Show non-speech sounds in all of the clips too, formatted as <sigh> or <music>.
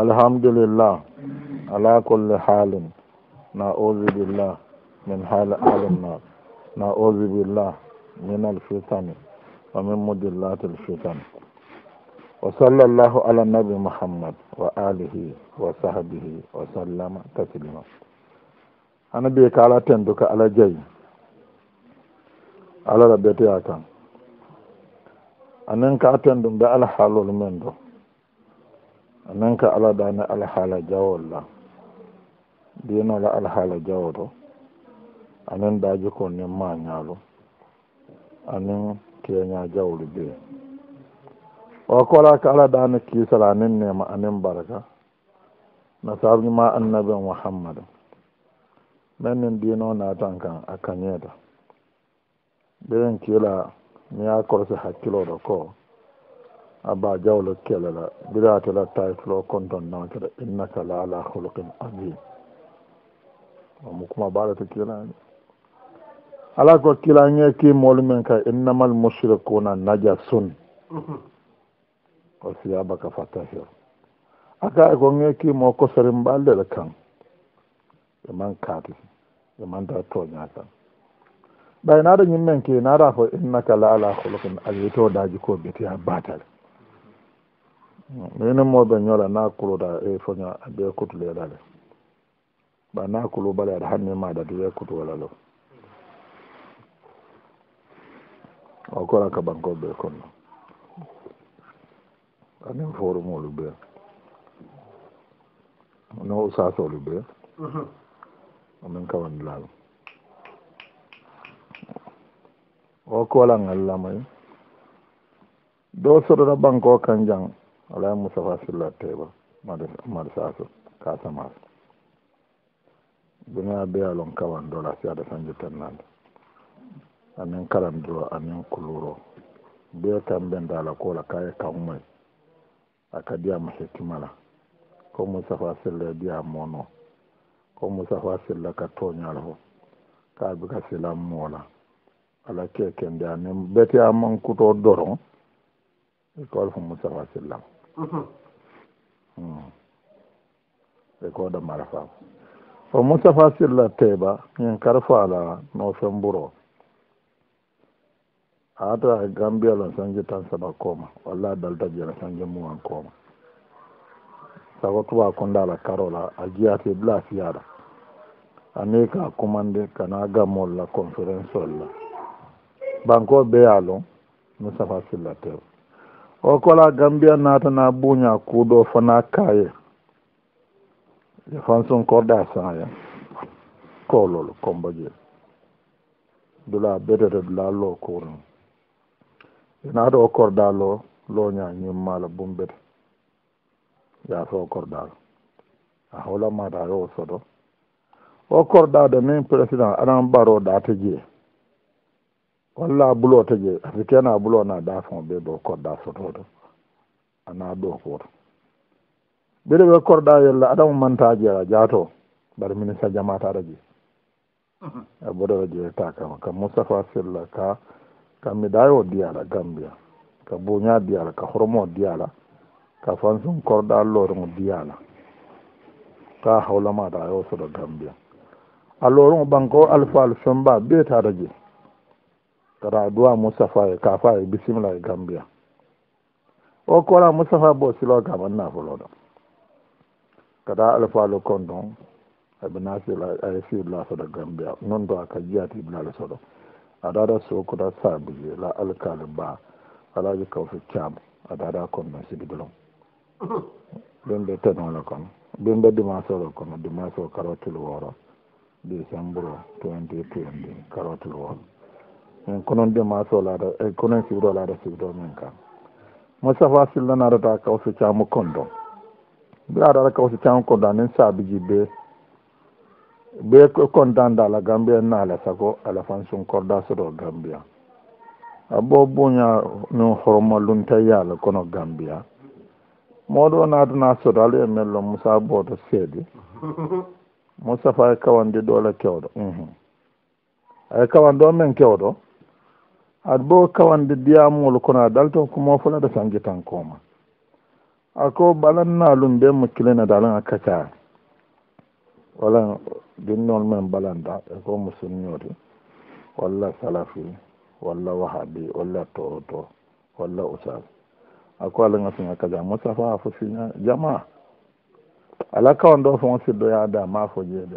alhamdulillah ala kulle halin na auzu billah min hali alinnar na auzu billah min alfitani wa min mudillati alfitani wa salla llahu ala nabi muhammad wa alihi wa sahbihi wa sallama taslima ana biye ka ala tentu ka ala jeyi alala beteya kan anin ka tendu be alhalol min do nan ka ala dana alhala jawol la diyena la alhala jawoto anen daji ko nin mañalo anen keña jawol be o kola ka ala dana kisala anen nema anen baraka na sabuñuma annaben mohammada men nin dino natan kan a kañeta been kila mi a korsi hakkiloto ko abba diawlo kelela biratela taytulo konton nankere innaka la ala holqin adim omu kuma baɗata kilani ala ko kilange ki mooli men ka innama al mushrikuna najasun o siyabaka fatahir aka ko geki mo kosorin ɓallel kan eman kaati emanta tooña kan ɓay naɗa ñimmen ki naɗa fo innaka la ala holqin adi to daji ko betiya batale mene mwabe nyola na kulo da efonya abye kutu le dale ba na kulo bale adhani ma da duwe kutu wala lo wakora kabanko be kono ane mforo mo lube ane usato lube ame mm-hmm. nkawa nilalo wakora ngalama yu do soro da banko kanjang ala musa fa silla teba mar saso ka sama duniya biya alon dola siya da sanje tannan anin karan duro anin kuluro biya kan ben dala kola kay kan a ka diya masu kimala ko musa fa silla diya mono ko musa fa ka tonya ho ka bi ka sila mola ala keken da anin beti amon kuto doron ko musa fa silla Mm-hmm. Hmm. ɓe kooɗo marafam o mustapha silla teba min karfaala nofemburo aata e gambia lan sanji tan saba kooma walla dalta jena sanji muwan kooma sago tuba kondala karola a jiyaate blasiyaɗa ani ka commande kana gamol la conférence olla banque o ɓeya long mustapha silla teba o kola gambiya natana buña kuɗo fana kaye fansun korɗa saya kolol kombaje dula bedete dula lo kurun inata o korɗa lo loña ñimmala bumbete yaso o korɗalo a hawla mata yo soto o korɗade min président adam baro ɗate jee walla bulo to je afikena bulo na da fon be do kodda sototo ana do foto ɓeɗo ɓe korɗa yella adamu mantaji a jaato bari minista jamata aɗa <laughs> je aboɗoɗa jeeta kama ka Mustapha silla ka ka miɗayo diyala gambia ka buña diyala ka hormo diyala ka fansum korɗa lorengo diyala ka hawlamaɗa yo soɗo gambia a lorengo ɓanko alfa alfemba ɓeetaɗa je radoa moussapha e kafa e bisimila e gambia o kola moussapha bo silo gam anna folono kada alfalu kon don eɓe nasil ay sir la soɗo gambia non do aka jiyati blala soɗo adada sokuda sabuji la alkali ba alaji kawfi cam adada kon non sigidilom bimɓe tenole kon bimɓe dimasolo kono dimaso karotil woro décembre 2020 karotil woro Mm, konon de maso lada eh, konon sibdo lada sibdo men kan mustapha silla nara ta kawso chamo kondo bi ada ka kawso chamo kondo nen sabi jibbe be kontan da la gambia na la sako ala fansun korda sodo gambia abo bunya no horma lunta yala kono gambia modo na do na sodo ale mello musa boto sedi <laughs> mustapha e kawande dola kewdo mhm mm ay e kawando men kewdo aɗa bo kawande diyamol kono a dalton kumo fulata da tan koma ako balannalum be mo kilinata dalan a kacaari walan junnol men balan e ko musulmiyote walla salafi walla wahabi walla tooto walla usal ako alanga suga kaja mustapha fo siña jama ala kawan ɗo fon siddoyaada ma fo jede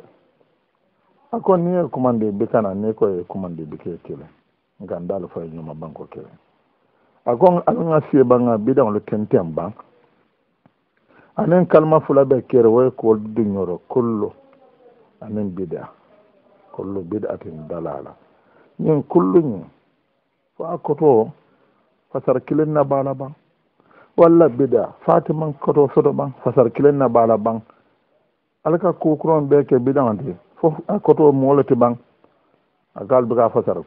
ako ni e commande bikana ni koye commande bike kile gandal ñu ma banko kere akon alanga siyebanga ah, bidaŋolu tenten ba anen kalma fula be kere ko du ñoro kullu anen bida kullu bidatin dalala ñin kullu ñu fa akoto fa sar kilin na bala ban wala bida fatiman koto soto ban fa sar na bala ban alaka kukuron be ke bidaŋo ti fo a molati moolu ti ban a kaal be ka fasara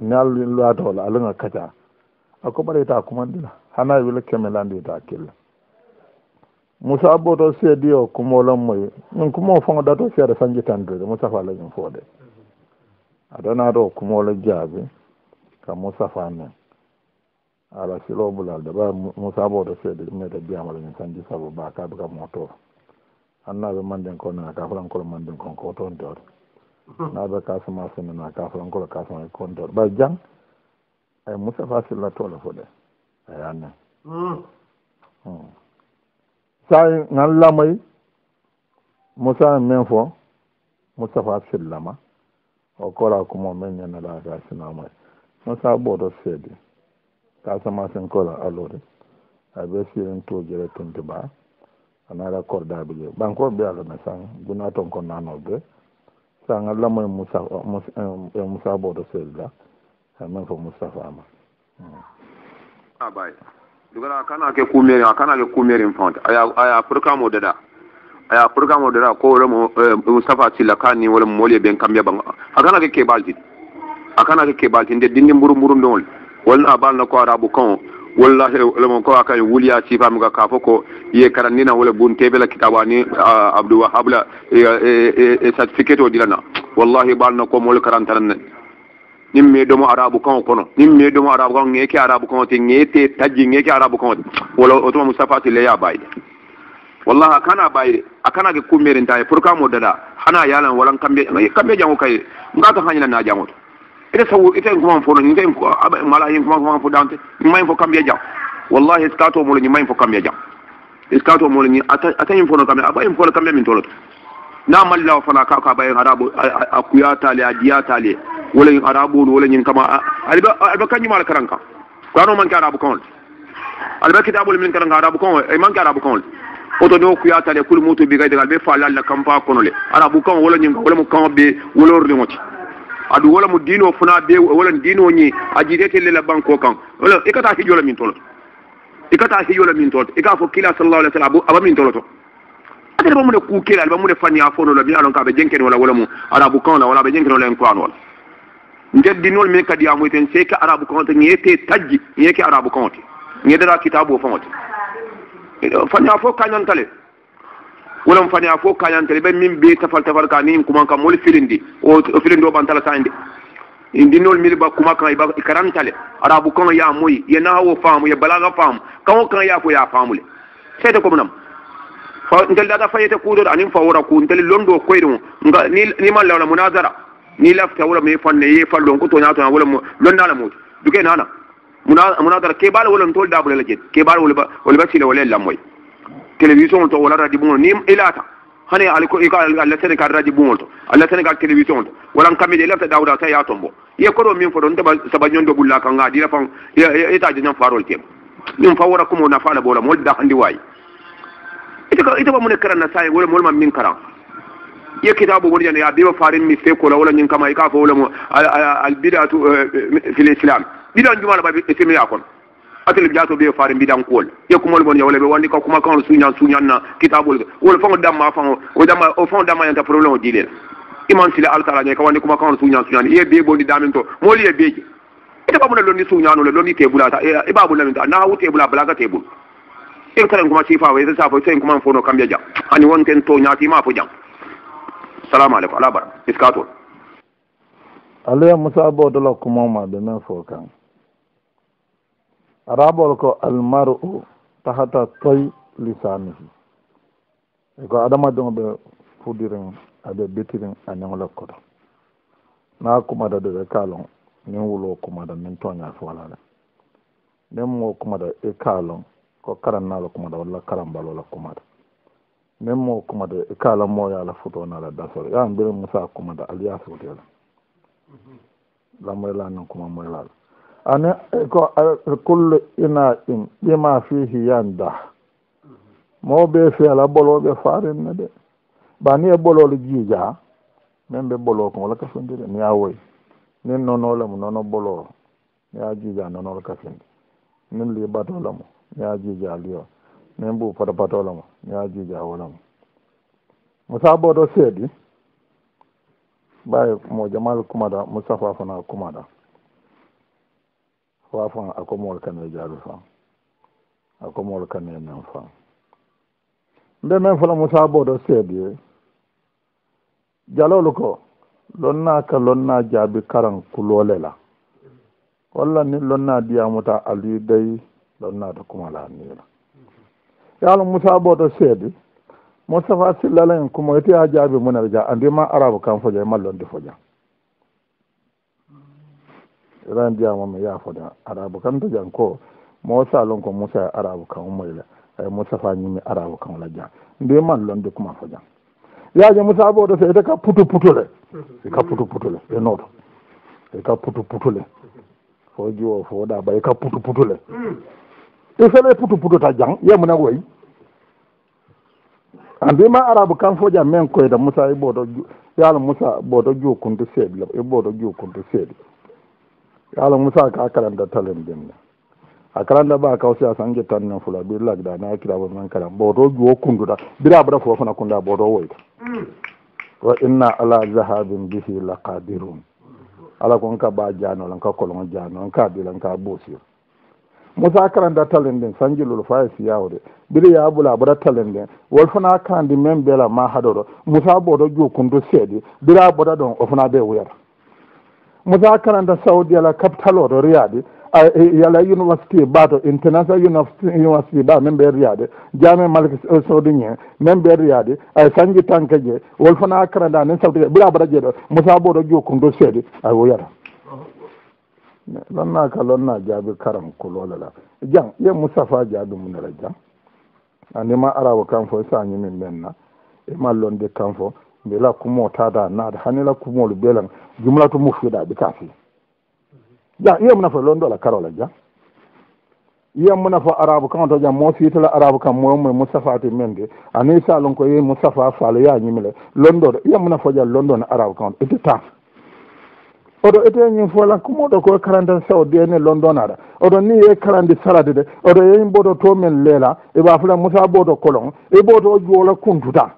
nyal lwa dola alanga kata akobare ta kumandila hana wile kemelandi ta killa musa boto seedi o kumolon moy min kumo fongo dato seeɗa sanji tandude musafa lañum foode aɗonato kumolo jaabi ka musafa men ala silo bulalde ɓa musa boto seedi meɗe biyama lañum sanji sabo ba kaɓe ka moto annaɓe manden ko nana ka fulan kolo manden kon ko toon dewde na bɛ ka sama sɛnɛ na k'a fɔ n kɔrɔ k'a sɔrɔ kɔntɔ ba jan ɛ musa fa sirila tɔ la fɔ dɛ a y'a nɛ hmm. hmm. saa ŋa lamɔ musa ye min fɔ musa fa sirila ma o kɔrɔ kuma min ɲɛna la a ka ye musa b'o dɔ fɛ de k'a sɛn kɔrɔ alori a bɛ sirin t'o jɛrɛ tuntuba a n'a yɛrɛ kɔrɔ da bi ye banko bɛ a lɔ mɛ san gunnatɔ kɔnɔna na o bɛɛ. an allama musa bo da sirla sannan fa mustafa ma hmm. abai ah, dugana kana ke a kana ke kumere font aya aya furka mo dada aya furka mo dada ko wala eh, mustafa sila ni wala mole ben kambe a kana ke kebalti kana ke kebalti de dindin burum don wala abal na ko arabu kan walla lemon ko aka wuliya sifamu ga kafo ko ye karannina wala buntebela kitabani abdou wahab la e, e, e, e certificate o dilana wallahi balno ko mol karantanan nin me domo arabu kan kono nin me domo arabu kan ngeke arabu kan te ngete tajji ngeke arabu kan wala o to mustafa ti le ya bayde wallahi kana bayde akana ge kumerin taye pour ka mo dada hana yalan walan kambe kambe jango kay ngata hanyina na jango ite sawo ite kuma fo no ite ko mala yin kuma kuma fo dante mai fo kambe jam wallahi skato mo ni mai fo kambe jam skato mo ni ata ata yin fo no kambe aba yin fo kambe min tolot na malla fana ka ka bayin arabu akuya tale ajiya tale wala yin arabu wala yin kama alba alba kanyi mal karanka kwano man ka arabu kon alba kitabul min karanka arabu kon e man ka arabu kon oto do kuya tale kul mutu bi gaidal be falal la kampa konole arabu kon wala yin wala mu kan be wala rin wati adu wala mu diino fana be wala diino ñi ajirete lela banko kan wala e kata hijola min tolo e kata hijola min tolo e ka fo kila sallallahu alaihi wasallam aba min tolo to adere ba mu ne ku kila ba mu ne fani a fono la bi alon ka be jenken wala wala mu arabu kan la wala be jenken wala en kan wala ndeddinol min kadi amoyten sey ke arabu kan to ñeete tajji ñeeke arabu kan to ñedara kitabo fanote fani a fo kañantale wala fani afo ka yan tele min be tafal tafal ka ni kuma ka mol filindi o filindo ban tala sande indi mil ba kuma kan iba karantale arabu kan ya moyi ya na hawo famu ya balaga famu kan kan ya ko ya famu le sai nam fa ndel daga fa yete kudo anin fa wora ku ndel londo koydo nga ni ni lawla munazara ni lafta wora me fanne ye fallo ko to na wala lonna la mo duke nana munazara ke bal wala ntol dabule la jet ke bal wala wala basile wala lamoy télévision to wala radio bon nim ilata hani aliko ika Allah sene ka radio bon to Allah sene ka télévision to wala kamide lafta dawda ta ya tombo ye kodo min fodon to sabanyon do bulla kan ngadi la fam ita janyam farol tem min fawara kumo na fala bola mol da handi wayi ita ko ita ba mun karan na sai wala mol man min karan ye kitabu woni ya biwa farin mi mistake ko wala nyin kama ika fo wala al bid'atu fil islam bidan jumala ba fi ya kon atel jato be faare mbiɗan ye kumol mon yawle ɓe wandi ka kuma kan suñan suñanna kitabol wol fango damma fan o dama o fango damma yanta probléme o dilel iman sila altala ñayi ka wandi kuma kan suñan suñan iye be bondi damin to mooli ye beeje ite babuna londi suñanole londi tebulata e, e babunamin to na hawu tebula balaga tebul en karen kuma sifa wa sa fa sen kuma fono kambia ja ani won ken to nyaati ma fo jam assalamu alaikum ala bar iskato alle musa bodo la kuma ma be men fo kan raɓol ko almaru tahata toy lisanihi e ko adama dongo ɓe fuɗirin aɓe ɓetirin a ñanglokkoto na kumada ɗo ɓe kalon min wulo kumada min toña fo walale min mo kumada e kalon ko karannalo kumada walla karambalola kumada min mo kumada e kala moyala futonala dasol yaan birin musa kumada aliyasuɗela mhm. lamoyalanin kuma moyalala ane ko kulle ina in ɗima fihi yanda mawɓe feela boloɓe farinne de bani e bolole jiija min ɓe bolo ko ngola kafindiri ni a woyi nin nonole mu nono bolo ni a jiija nonole kafindi nin li batole mu ni a jiija lio nin ɓu pata patole mu ni a jiija wole mu musa boto seedi ɓay mo jamal kumada musafa fana kumada mm. waafan a komool kane jaalu faŋ a komool kane nen faŋ nde meŋ fola musa booto seedie jaloolu ko loŋ naa ka loŋ naa jaabi karaŋ kuloole la walla ni loŋ naa diyaamuta aluy dayi loŋ naata kumala nii la ye ala musa booto seedi mustapha sillala en kumo ite ye a jaabi mu ne la ja andi ma arabu kan fo ja ima loŋ ti fo jaŋ ran diyama mi yafoda arabe kanto jan ko mo salon ko moussa e arabe kan moyla ay moussafa ñimi arabe kan la jan nde man londe kuma fo jan yaje moussa boɗo seede ka putu putule ka putu putule e noto ka putu putule fo jiwo fo ɗa ɓay ka putu putule e fele putu pututa jan yemune woyi andima arabe kan fo jan men koyda moussa e ɓoɗo yaala moussa ɓoɗo e jukunde seeɗi la e ɓoɗo jukunde seeɗi kala musa ka karanta talen denna a karanta ɓa kaw si a sanke tannen fula ɓir lagda na kiraɓo men karan boto juwo kunduɗa bira ɓata fo fana kunda boto woyta wa inna ala zahabin bihi la qadirun ala kon ka ɓa janolan ka kolon janolan ka ɓilan ka ɓosir musa karanta talen den sanjilol fa e siyawde ɓiri yaɓula ɓata talen den wol fana kandi men beela ma haɗoɗo musa boto juwo kundu seedi ɓira ɓota ɗon o fana ɓe wuyata musakara nda saudi ala kaptaloɗo riyade yala université ɓaato international université ɓa min ɓe riyade jame malk sodiñe min ɓe riyade ay sañgi tanke je wolfana akara nda nen sawtike ɓira baɗa jeeɗo musaboɗo jokum do seedi ay woyata lonnaka lonna jaabi karam kulolala jang ye moustapha jaabi munera jam andima arabo kan fo sañimin ɓenna e, e mallonde kan fo mbila kumo tada naata hanila kumolu belan jumla to mufiɗa ɓe kaafi ja yiyam nafa lon ɗo la karola ja yiyam mo nafa arabe kan to jam mo fiitala arabe kam momo moustapha ti mende ani sa lon ko yi moustapha faalo yañimile lon ɗo ɗo yiyam mo nafa ja lon ɗo ne arabe kan o ete tan oɗo ete ñin fo lan komoɗo koye karande sawo dene lon ɗon aɗa oɗo ni ye karandi salade de oɗo yeyi boɗo to men leela e ɓa fula moussa boɗo colon e boɗo o juola kuntuta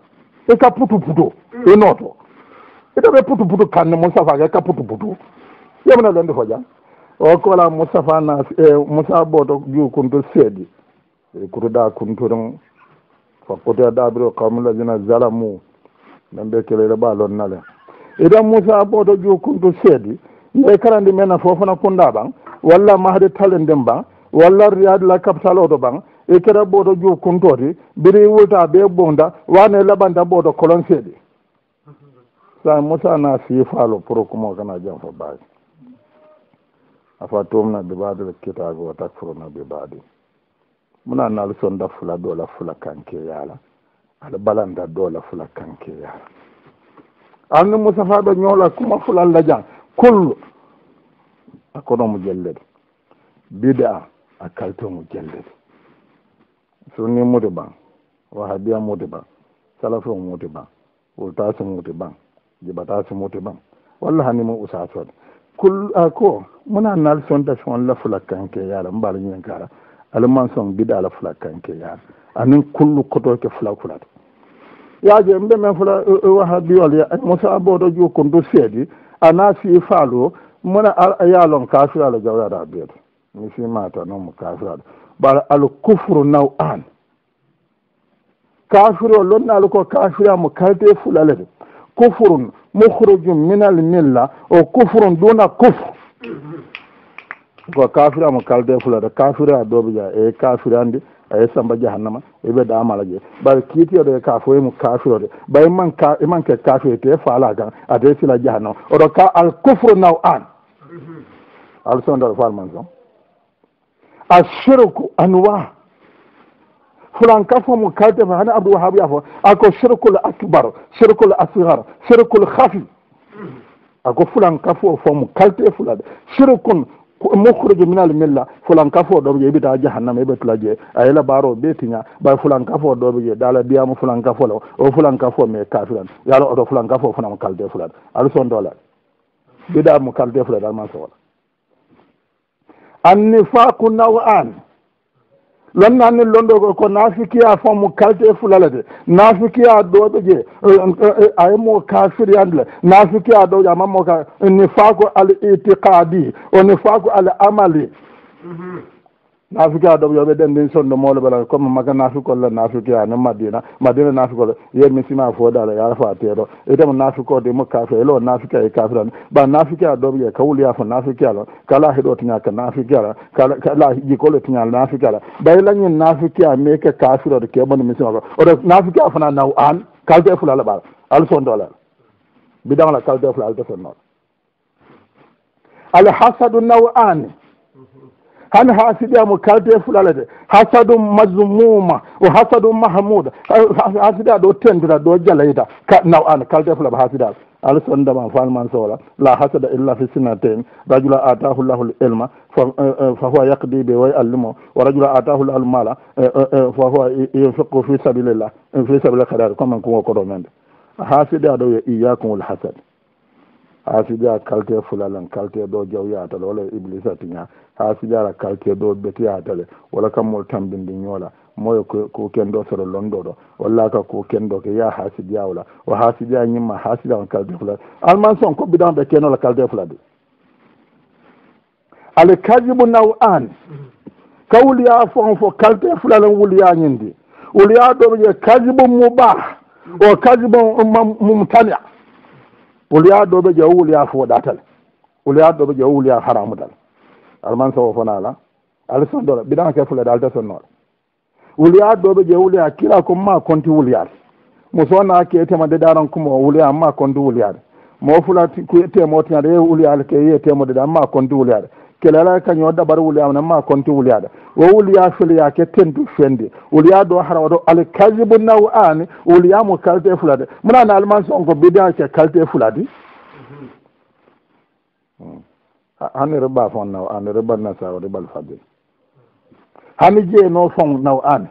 e ka putu puto e noto ito ke putu putu kanne moustapha ke ka putu putu yemne londi fo jam o kola moustapha na e moussa boto jukuntu seedi e, kutu da kunturum fa kutu a daɓiri kawmi ladina zalamu men ɓe kelere ɓa lonnale idan moussa boto jukuntu seedi ye karandi mena fofona kunda ɓan walla mahdi talindin ban walla riyadila capital oto ban e kere boto jukuntoti biri wulta ɓe bonda wane laɓanta boto colon seedi sam musa na sii faalo pour kumo kana jam fo baaji afa tumna bi baadi le kitabe o takfuruna bi baadi muna na al sonda fula doola fula kanke yaala ala balanda doola fula kanke yaala anndu musafa ɗo ñoola kuma fulal la jan kullu a konomu jellede bide a a kaltomu jellede sunni mudi ban wahabiya mudi ban salafo mudi ban wultaso mudi ban jiɓata simuti ɓam walla hani mo usatode kula ko mona nal sondation la fulakkanke yaala mbalañin kara alamanson biɗa la fulakkanke yaala anin kullu kotoke fulafulata yaaje mbe men fula e, e, waha biwal mosa boɗo jokondu seedi ana fi faalo mona yaalon kafirala jawyata biyeta mi fimata noon mo kafirala bala alkufru naw an kafiro lonnaalo ko kafiramo kalte fulalede kufrun mukrajum min al milla o kufrun duna kufre ko kafir amo kalde fulata kafir a doɓe ja e kafir andi aye samba jahannama eɓe damala je bay kiitiyoɗo e ka foyimo e kafirode bay e man ka imanke e kafir te fala kan ade sila jahannama oɗo ka al kufre naw an alsondaɗo falman kam a sirku anwa fulan ka fomo kaldema hani abdou wahab yafo ako cirkul acbar cirkul asgar cirkul hafi ako fulan ka fo fomo kalte fulade cirkun mukhrije minal milla fulan ka fo ɗo ɓe yeɓita jahannama yeɓetula je a yela baro ɓeetiña ɓay fulan ka fo ɗoɓe je dala biyama fulan ka folo o fulan ka fo mais kafirane yalo oto fulan ka fo funamo kalte fulade ala sondola biɗamo kalte fulade alma sowala annifaku naw an lon nanni lon ɗo ko nafikiya fammu kalte e fulala de nafikiya ɗoɗo je e, e, e, aymo kafiri andi le nafikiya ɗo ƴe amamo ka ni faako al itiqadi oni faako al amali mhm. naafikea ɗo yoɓe ɗenndin sonde moole bala comme maga naafikolle naafikea ne madina madina naafikolle yemi sima foodala yaara fa teeɗo itemo naafikode mo kafe elo naafikea e kafirani ɓa naafikea ɗoɓe kawuliya fo naafikealon kala heɗo tiñaka naafikeala kala jikolo tiñal naafikeala ɓay lañin naafikea meke kafirode keɓone mi simako oto naafikea fana naw an kalte fulala ɓala ala sondolala bidangla kalte fula alte sonnoɗo alhasadu naw ane hani ha siɗiyamo kalde fulala de hasadu mazmuma o hasadu mahmouda ha siɗa ɗo tendira ɗo jalayda naw an kalde fulaɓa ha siɗa alah sondama falman sowla la hasada illa fi sinnatain rajula atahu llahu l ilma eh, eh, fa huwa yakdi be way allimo wa rajula atahu llahu l mala eh, fa huwa yunfiqu fi sabilillah fi sabilillah kadari comme en kugo koɗo men de ha siɗa ɗo yo iyakum l hasade ha sidi a qualité fulalen qualité ɗo jaw yatale walla iblise atiña ha sidi aɗa qualité ɗo ɓeti yatale walla kammol tambindi ñoola moyo ku kendo sere londo ɗo wallaka ku kendo ke ya ha sidi awla o ha sidi a ñimma ha sidi ama qualité fulade alman son kobbiɗamaɓe kenola qualité fulade ale kajibu naw an ka wuliya fon fo qualité fulalen wuliya ñindi wuliya ɗoɓe je kajibu mubah o kajibu mumtania wolya ɗoɓe jawu wolya fooɗa tal wolya ɗoɓe jawu wolya haramu tal alman sawo fona ala ala sondola ɓiɗan ke fulede alta sonnoɗa wolya ɗoɓe jawu wolya kira kom ma konti wolyade mo sowna keetema de ɗaran kumo wolya ma konti wolyade mo fula kuye temotinade ye wolyale ke ye temo deɗa ma konti wolyade kelala kañu ɗaɓar wuliyama ma konti wuliyaɗa o wuliya filiyake tentu fendi wuliya ɗo hara oɗo ala kasibu naw ani wuliyamo qualité fulade munani allemand sonko bidake qualité fuladi hani reɓa fon naw ani reɓana sa reɓal fadi hani jeeno fon naw ani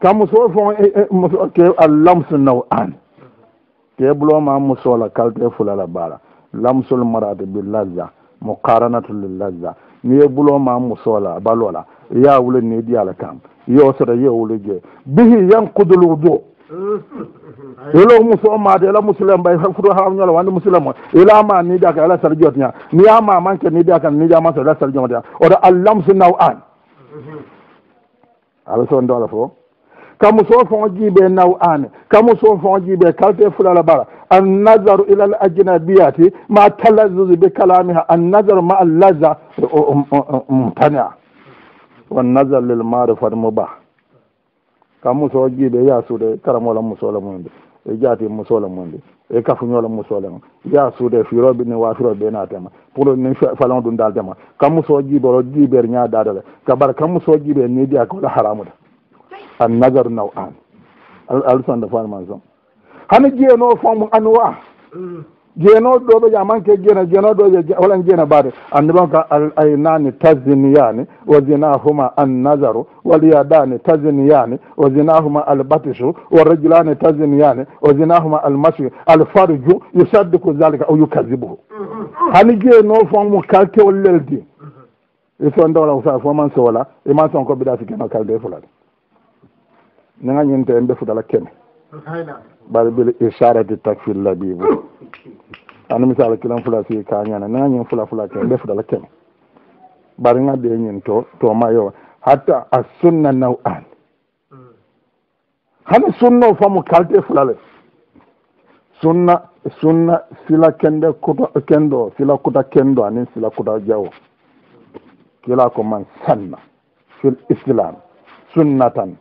kam muso fon e, e, ke a lamse naw ani ke bloma musola qualité fulala baara lamsul marade bi lazat mukaranatu lillazza ni ye buloma musola balola ya wule ni ɗiyala kam yo sota ye wule je bihi yankudulwudu ilo <laughs> musomade ila musulem bay futu hañola wande musulem o ilama niɗaka ala sarjotña niyama manke niɗaka niƴamaso ala sarjotña oto allamsu naw an ala so ndola fo kamuso fon jiiɓe naw an kamuso fon jiiɓe kalte fulala bara annazaru ila al ajnabiyati ma talazuzu bi kalamiha annazaru ma allaza mtania wannazar lil marifat mubah ka muso jiiɓe yasude karamola musola mumde e jaati musola mumde e kafuñola musolema yasude firoɓe ni wafiroɓeɓe natema pour ni falan ɗum daldema ka muso jiiɓero jiiɓere ñadadele kabara ka muso jiiɓe nidiya kola haramude annazaru naw an alsonde formation hano jeyano fomu anwa mm. jeyanoɗo ɗo ɓe ƴa manque jeena jeyanoɗo ɗo walan jeena baade anndi ɓon ka aynani tasiniyani wa zinahuma annazaru walyadani tasiniyani wa zinahuma albatisu warajulani tasiniyani wa zinahuma almasi alfarju yusaddiku zalika o yukazibuhu mm-hmm. hani jeyano fomu kaltewol leldi mm-hmm. iso dowla usa fo man sowola iman son ko mbiɗa sikino kalde fulade nanañinte mbe futala kene ɓaɗi ɓele isarati takfilla bibo ani misala kilan fula si ka ñana nañin fula fula ke defdala kene ɓaɗi gadde ñin to to mayowa hatta a sunna naw an hani sunno famu kalte fulale sunna sunna sila kende kuta kendo sila kuta kendo anin sila kuta jawo kila ko man sanna fil islam sunnatan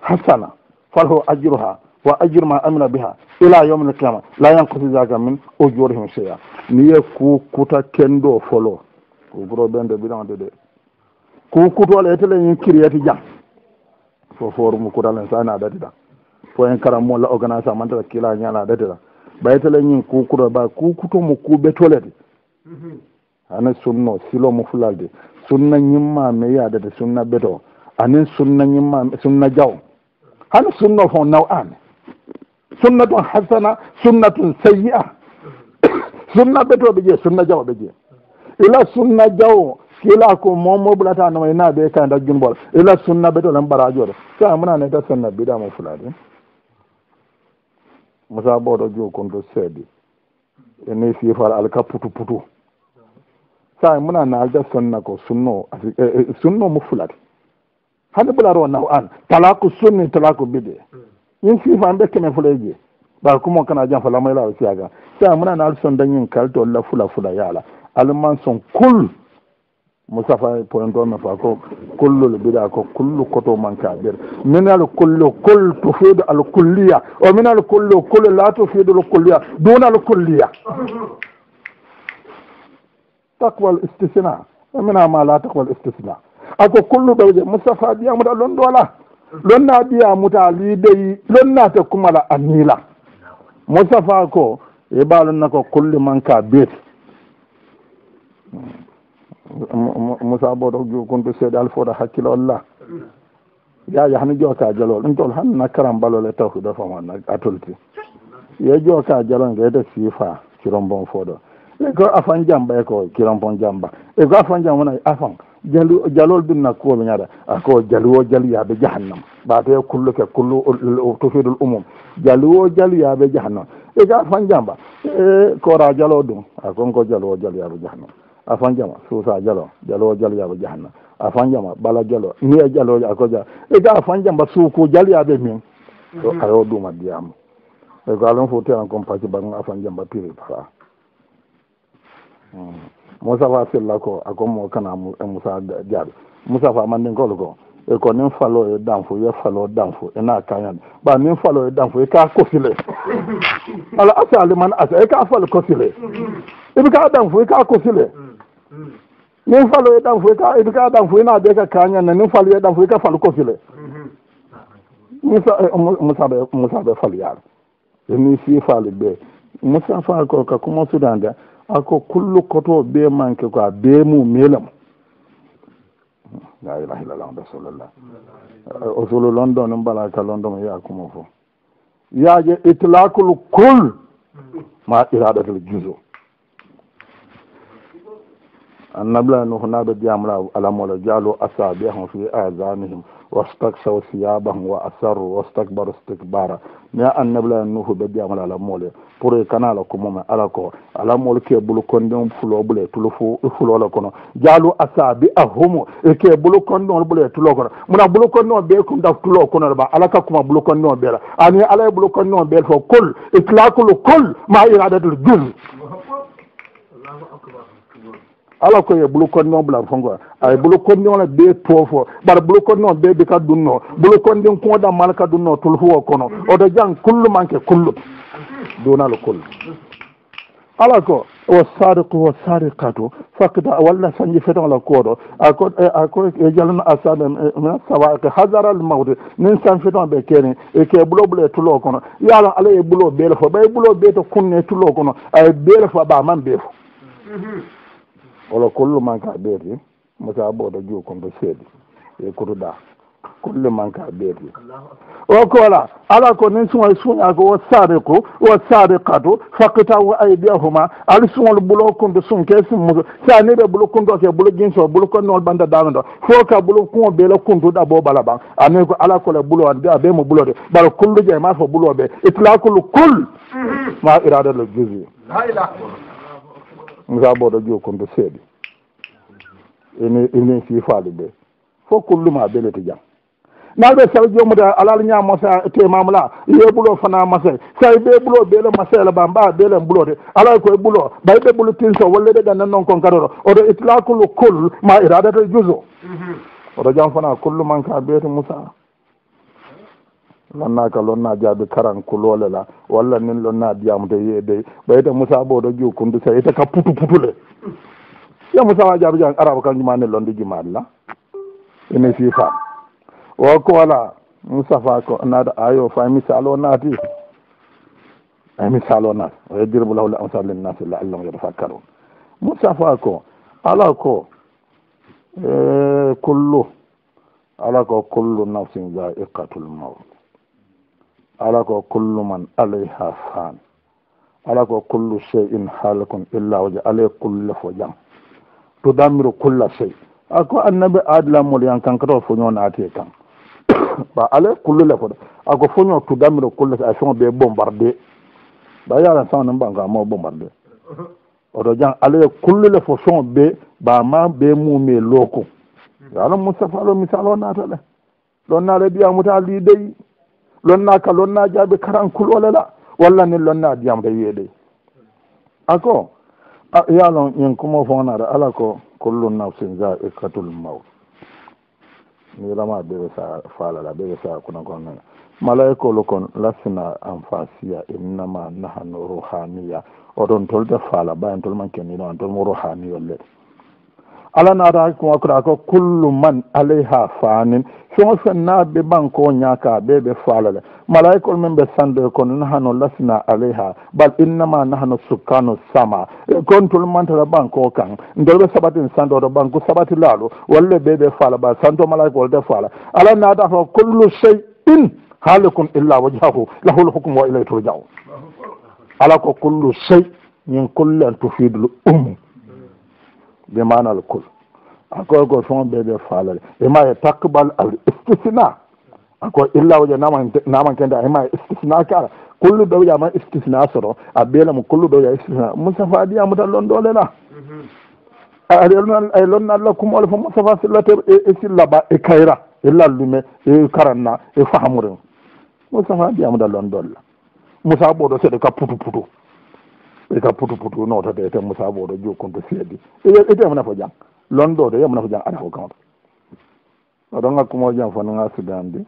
hasana falho ajruha wa ajire ma amina biha ila yawmin alqiyama la yankusu zaka min o jorihim seya ni ye ku kuta kendo folo ko goro ɓen de ɓiɗante de ku kutole etele yin kiriyeti jang fo forumu kutalen sa ne aɗatita fo en karammo la organise amantata kila ñana aɗatita ɓay etele yin ku kuto ba ku kutomo ku ɓetoleti ane sunno silomu fulalde sunna ñimma me yi adate sunna ɓeto anin sunna ñimma sunna jaw hani sunno fo naw ane sunnatun hasana sunnatun sayyi'a sunna ɓe je sunna jaw ɓe je ila sunna jaw kila ko momo ɓurata nama ina ɓe kanda jumbol ila sunna ɓe to len ɓarajore so amunaneta sunna biɗamo fulade musa ɓoɗo jo konto seedi ene sifar alka putu putu sa muna na alda sunna ko sunno sunno mu fulade hani ɓulara o naw an talaku sunni talaku biɗe yin siifa ande kene fuleji ba kumo kana jan falamaylaro siyaga sa mina na al son dañin kalto la fula fula yala alman son kul musafa point ome fa ko kullul bida ko kullu koto mankadir minal kullu kul tufidu alkulliya o minal kullu kul la tufidu lkulliya duna alkulliya taqwa l istisina mina ma la taqwa l istisina ako kullu ɗowje musafa diyamuɗa lon ɗo la lonna ɓiya muta li dey lonnate kumala a nila mosapha e ko e ɓalonna ko kulle manka beeti mm. mosa boɗo jukunɗo seeɗa alfoɗa hakkilo alla yaya hano jooka jalol ɗum tol han nakkaran mbalole tawhido famana atolti yo jooka jalol ngeyde siifa kirombon fooɗo e ko afan jamba e ko kirombon jamba e ko afan jam wona e afan jalu jalol ɗum nakkuwo ɓe ñaɗa ako jaluwo jaluyaɓe jahannam ɓaate kulluke kullu tofidol umum jaluwo jaluyaɓe jahannam e ga fan jamba e kora jalo ɗum akonko jaluwo jaluyaɓe jahannam afan jama suusa jalo jalowo jaluyaɓe jahannam afan jama ɓala jalo niye jalo ako ja e ga fan jamba suuku jaluyaɓe min o mhm. ayo ɗuma diyama e ko alon fo tenan kom pacci bagon afan jamba piri fa E musa fa silla ko ako mo kana musa jaabi musa fa manden kol ko e ko nin falo ye danfo ye falo danfo e n'a kaɲa ba nin falo ye danfo e k'a kosile <laughs> ala asa aliman asa e k'a fali kosile i e bi k'a danfo i e k'a kosile nin falo ye danfo i ka i bi k'a danfo i n'a bɛɛ ka kaɲa na nin falo ye danfo i ka fali kosile musa musa bɛ musa bɛ fali yaara e n'i si fali bɛɛ musa fa ko ka kuma sudan dɛ ako kullu koto be manke ko a beemu melamu la ilaha illallah muhamadu rasulullah osulu london num mbala ka london mo yakumo fo yaaje itlakul kul ma iraɗatel juso annabila nuhu naɓe jamla alamola jalo asabiahum fi azanihim wastakchaw siyaban wa asarru wastakbaru stikbara mais annabila e nuhu ɓe ɓiyamala alammole pour kana ala ko mome ala ko alammol ke bulu kondiol fulo ɓule tulu fu fulole kono jalu asabi a humo ke bulu kondiol ɓule tulo kono mona bulu kondio ɓe ko daf tulo kono ɗoma ala ka kuma bulu kondio ɓeela ani alaye bulu kondio ɓeel fo kol iclakolu kol ma iradatul bil allahu akbar ala koye bulu kondio bilat fongo ay bulu kondion le ɓe toofo bara bulu kondion ɓe bika dunno bulu kondin kooda malka dunno tulfuwo kono oto jang kullu manke kullu duunalo kullu ala ko wo sadiqu wo sadiqatu fakda walla sañji fetola kooɗo ako ako e jalno asade mina sawaqe hasara l mawde min sanfeton ɓe keeni e, e, e ke ɓulo ɓulo e tulo kono yaala ala e ɓulo ɓeele fo ɓay ɓulo ɓee to kunne tulo kono ay ɓeele fo ɓaman ɓee fo wala kullu man ka beeti musa boɗo juu kombo seedi e kutuɗa kullu man ka beeti o kola ala ko nin suŋol suña ko wo sadiku wo sadikatu fakitawu aydiyahuma ali suŋol bulo kundu suŋ ke simmuso sa ni ɓe bulu kundo ke bulu jinso bulu konnol ɓanta danoɗo fo ka bulu kuŋo bele kuntuɗa bo bala ɓan ani ko ala kole bulo an a be mo bulode bara kullu je ma fo bulo ɓe itlakulu kul mhm. ma irada le jusi musa ɓoɗo ƴokkonto seeɗe ini si faali ɓe fof kulluma belete jam naɓe saw jomude alal ñamose te mama la ye ɓulo fana mase say ɓe ɓulo ɓele masele ba mba ɓelen ɓulode alay koye ɓulo ɓay ɓe ɓulo tinso walla ɓe ɗannen noon kon kadoro oɗo itlakulu kul ma iradate jouso mm-hmm. oɗo jam fana kullumanka ɓeete moussa lonnaka lonna jaabi karan ko loole la walla nin lonna diyamde yeedey ɓayde moussa ɓoɗo jukundu sayte ka putu putule ye moussawa jaabi jan arabe kanjumani londi jumani la ene siifa o ko wala moustapha ko naɗa ayo fay misal o naati ay misal o naati o yajiribulahu li amsal linnasi laallahum yatafakkaron moustapha ko ala ko e kullu ala ko kullu nafsin zaiqatu lmaut ala ko kullu man alayha fan ala ko kullu shay'in halakun illa waja ala kullu fo jam to damiru kullu shay ako annabi adla mo yan kan kato e <coughs> fo nyon ate kan ba ala kullu la fo ako fo nyon to damiru kullu shay fon be bombarde ba yara san nan banga mo bombarde oto jan ala kullu la fo son be ba ma be mu me loko yalo mustafa lo misalo natale don na le biya mutali dai lonnaka lonna jaaɓe karan kulolela walla ni lonna diyam re wiyeɗey ako yaalon in kumo fonare ala ko kullu nafsin zaikatul e maut mi rama ɓeɓe sa falala ɓeɓe sa kono kon malaikolu kon lassina an fasiya innama nahanu rouhaniya oɗon tolde faala ɓayen tolman kenino an tolmo rouhaniyolle ala naata hakkumakkuta ko kullu man alayha fanin sonsen naatde banque o ñaaka ɓe ɓe faalale malaikol men ɓe sande kono nahano lasina aleyha bal innama nahano sukkano sama kon e, tol mantata banque o kan ndeer ɓe saɓatin sande oto banque saɓati laalo walla ɓe ɓe faala ba santo malaika wolde faala ala naatata kollu chey in haalikum illa wajhahu lahul hukme wa ilay turjao ala ko kollu chey ñin kollen tufiidlu umu bi manal kol akoye ko son ɓeɓe faalade ema e, e takbal al istisna akoye illawje namankede ema e istisna kala kullu ɗo wiyama istisna soto a ɓiylamo kullu ɗo wiya istisna moussapha ɗiyamo tan londole la ay lonnalla kumole fo moussapha sillatir e, e sillaba e kayra e lallume e karanna e famorin moussapha ɗiyamo tan londolla moussa ɓoɗo seɗe ka putu putu ɓe ka putu putu notatete moussa ɓoɗo jokkunto seedi ete e mo nafo jang londo de yamana ko jang ada ko kamaɓe oɗo ngakkumo jam fo nanga sudan de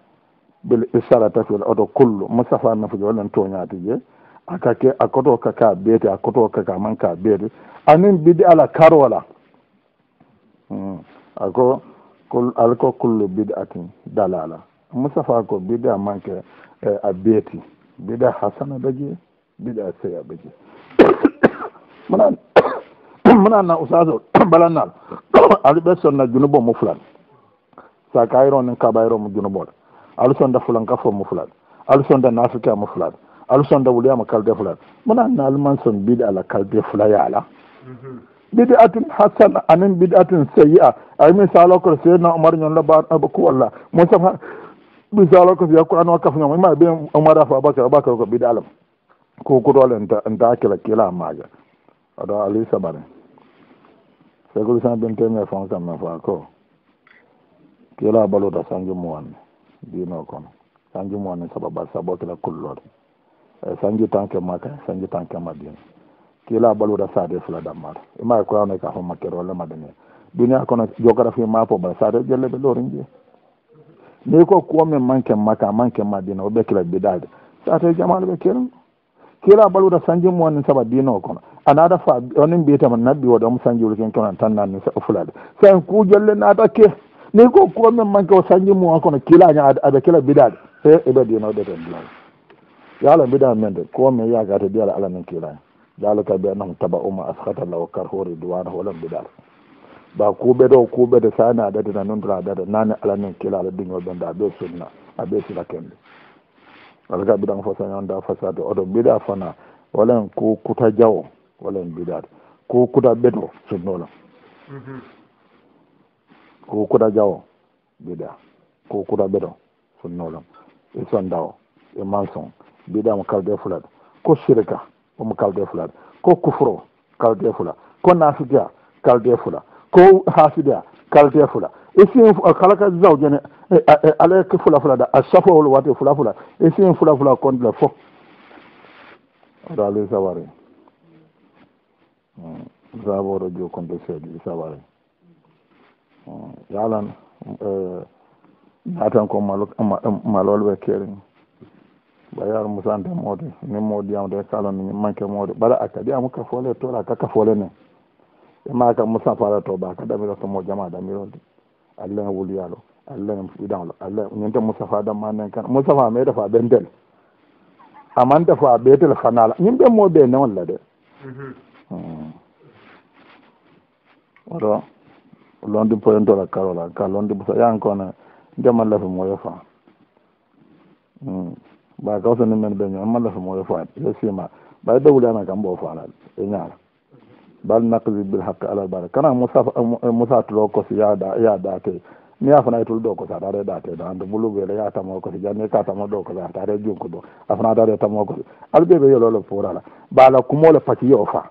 bel isaratafil e oto kullu moustapha nafo jo wallen toñati je akake a koto kaka beete a koto kaka man ka beete anin bidi ala karola hmm. ako alko kullu bidi atin dalala moustapha ko bidi a manke e, a beeti bidi a hasana ɓe je bidi a seya ɓe je <coughs> manani mina <coughs> <coughs> na usage bala nal ali ɓe sonna junubo mu fulani sa kayiro nin kabayiro mu junubole ali sonda fulanka fo mu fulani ali sonda nafike mu fulani ali sonda wuliyama qualité fulani mina naliman son biɗi ala qualité fulaya ala biɗi atin hassan anin biɗi atin seyi a aymi salokoto seyidna omar ñonla ba kuwalla musaf ɓi salokoto ya kuran wa kafñoma ima ɓi omar afo abakar abakar ko biɗi alam kukutole nta kila kila maga aɗo ali sabarin sekuli san bin teme fon kam men fa ko kila baluta sanjumu wanne dino kono sanjumu wanne sababa sabo kila kullore e eh, sanju tanke make sanju tanke e ma dino kila baluta sade fula dammata imaye koyawne ka fo makkero lema dene duniat kono géographie mapo bala sade jelleɓe lorin je ni ko komin manke maka manke ma dino o ɓe kila bidade sate jamal ɓe kelgo kila baluta sanjumu wanne saba dino kono anaɗa fa onin mbiyetema naɓɓi woɗa mo sañji wuuri ken konon tan nanni seɗo fulade sen kujolle naɗakke ni ko komin manque o sañji mumen kono kilaña aɓe kila mbiɗade he eɓeddinoɗeten dilala yo allah mbiɗama men de komin yagata diyala alah min kilaña dalo ka mbiyanam taba uma askatallah o kar hoori duwana holon mbiɗala ba kuɓeɗo kuɓede sani aɗadina nondira aɗada nanni alah min kilala duño ɓenda aɓe sunna aɓe sila kende alaka mbiɗan fo sañonda fasade oɗo mbiɗa fana walan ku kuta jawo walla en mbiɗaade ko kuda ɓeto sonnoolam mhm. ko kuda jawo mbiɗa ko kuda ɓeto sonnoolam e sondao e mansong mbiɗama kalde e fulat ko sirka omo kalde e fulat ko kufro kalde e fula ko nasidia kalde fula ko hasidia kalde fula e sin kala ka zawjene alay ke fula fula da a safowol wate fula fula e sin fula fula contele fof ralisawari Hmm. zaboro jo konde seedi sabare hmm. yalan e, natan ko malolɓe keri ɓa yaaro musante moode ni moodi yamde kala ni manque moode ɓaɗa akka ɗi amu kafoole tola ka kafoole ne e maka musa fara to ɓa ka ɗamiro to mo jama ɗamironde allahen wuliyalo allahen fiɗanlo alla ñinte e, moussapha damma nen kan moussapha meyde fa ɓentel amande fa ɓeetel fanala ñimɓe mo ɓe newolla de mhm. Hmm. oɗo londi poyon dola karola ka londi bo so yan kone ndemallafe moyo fa hmm. ba kawsani men ɓe ñoon mallafe moyo faade yo sima ɓay e dowli ana kam ɓo falal e ñaara bal naqdi bil haqqe alal bara kana moussa e tulo kosi ya date mi yafana e tul ɗo kosi atare date da ande mbulugele ya tamo kosi janni ka tamo ɗo kosi atare junko ɗo afana atare tamo kosi alɓeɓe yelole forala bala kumole pacci yo fa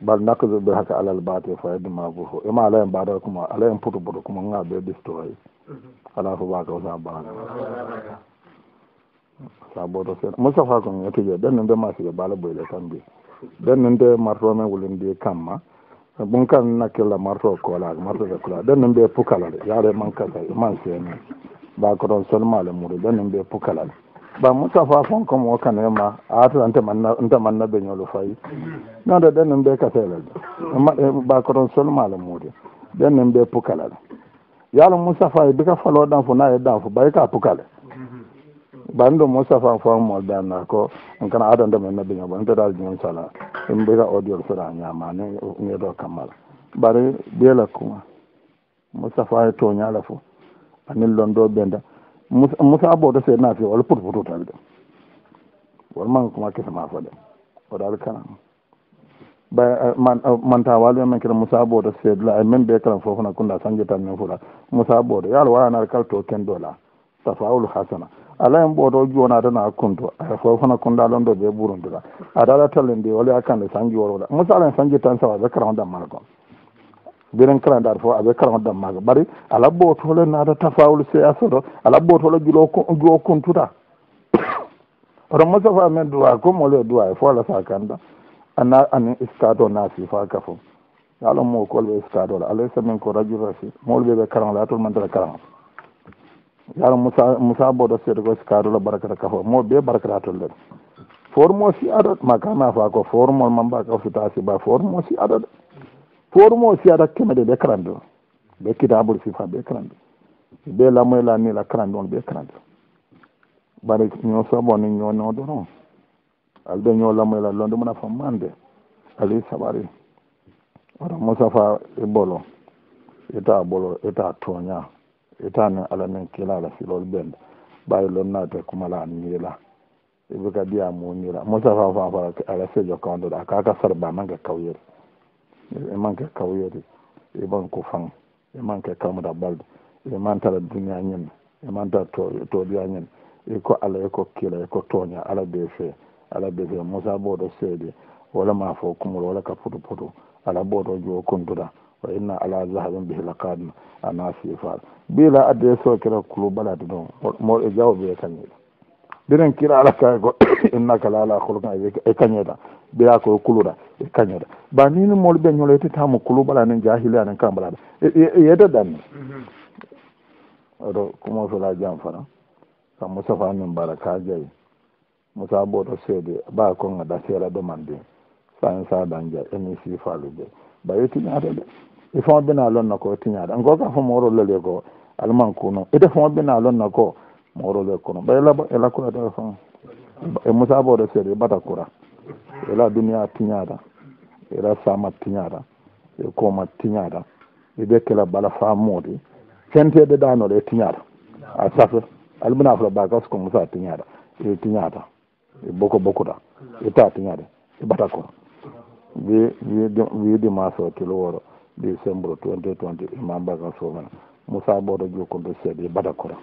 bal nakkude ɓe hake alal baate fayde ma bo fo ema ala hen mbadata kuma ala hen poto boto kuma ga ɓe ɗisto hay ala fo ba kawsa baraga sa boto sen moustapha ko etije ɗenne nde ma sike baale boyle tambi ɗenne nde marto men wulindi kamma ɓum kan nakkilla marto kolage marto ɓe kola ɗenne mbiye pukalal yaare man kasa eman seni mba ko ɗon sonmale muuri ɗenne mbiye pukalal bamuta fa fon kom o kane ma aatu ante manna ante manna be nyolo fayi non da den be ka tele ma eh, ba ko don sol mala mudi den be pukala yalo musafa be ka falo dan fo na e dan fo ba ka pukala bando musafa fo mo dan na ko en kana adan da manna be nyolo ante dal jun sala en be ka audio so da nyama ne ne do kamala bare be la kuma musafa to nyala fo anil londo benda musa abooto see naati walla poti poto tawi ɗen wala manga koma kesa ma fo ɗen oɗaɓe kala bay eh, manta eh, walu men kene moussa boto seede la men ɓe kalan fof na kunda sañjetan men fula moussa boto yo allah waranaɗa kala to ken ɗola tafawulu hasana ala en ɓooto jonatana kunto e fofona kunda lon ɗo ɓe ɓurondira aɗa ala tallen ɗi wala ya kande sañjiworola moussa ala en sañjettan sawa ɓe karamo ɗammala kon minen kala ndaar fof aɓe kala hoɗɗammaga ɓari ala ɓotole naata tafawol seasoto ala ɓotole gilo kontuta <coughs> oto mosafa men dowa comme olee dowa e fof ala sa kanda ana ani skado naasi fa ka fo alo mo kolɓe skado la alaysa min ko radio rasid mawlɓe ɓe karan la tol mandara karan yaro musa moussa boɗo seede ko skado la barakata kafo mo ɓe barakata tol len forme o si aɗa makama fa ko forme ol mamba kaw sita siba forme o si aɗa de forumo siyata kemede ɓe karande on ɓe kitabol sifa ɓe karande ɓe lamoyla nila karande on ɓe karande bari ño soboni ño nodoron alde ño lamoyla londe mona fo mande ali sabari wata musafa e bolo ita bolo ita toña ita ni ala min kilala silol ɓende ɓawi lonnate kumala niila ibe ka diya mu niila musafa fa fara ala sejo kawdoɗa kaka sarba nanga kawyere e manque kawyede e banque fang e manque kamda balde e mantala duniat ñen e mantala toɗoya ñen e ko allah e ko kila e ko tooña ala be fee ala be fee moussa ɓooɗo seede wala ma fo kumol wala ka putu putu ala ɓooɗo joo kunduɗa wa inna ala zahabin bihila kadna ana sifal ɓiila adde sookira kulu ɓalade ɗon moɗo e jawɓe <coughs> e kañeɗa mbiɗen kira ala kaye go innaka laala holka e kañeɗa bira ko kuluɗa e ɓe kañoɗa banini mole ɓe ñoloyte tamo kulu ɓala nen jahili anen kamɓalaɗa e, e, yeda ɗanni mhm. oto comme fela jam fana ka moussapha min mbara ka jayi moussa ɓoɗo seede ba konga da seeɗa ɗomande sain sa danja nic falu be bayi tiñata ɓe i fomo bina lonna ko tiñaɗa en goka fo moro lole ko alman kuno ite fomo bina lonna ko moro le kuno ɓay laba ela kuratafa e moussa ɓoɗo seede bata kura wala dunia tiñaɗa wala sama tiñaɗa e koma tiñaɗa ɓeɓe kela bala famode centede ɗanoɗe tiñaɗa a safe albinafla bakas kon sa tiñaɗa e tiñata e boko bokoɗa e ta tiñaɗa e ɓata ko wi wiidimaso tiloworo décembre 2020 ima mbaga somen moussa ɓoto jokkude seeɗa e ɓata e kora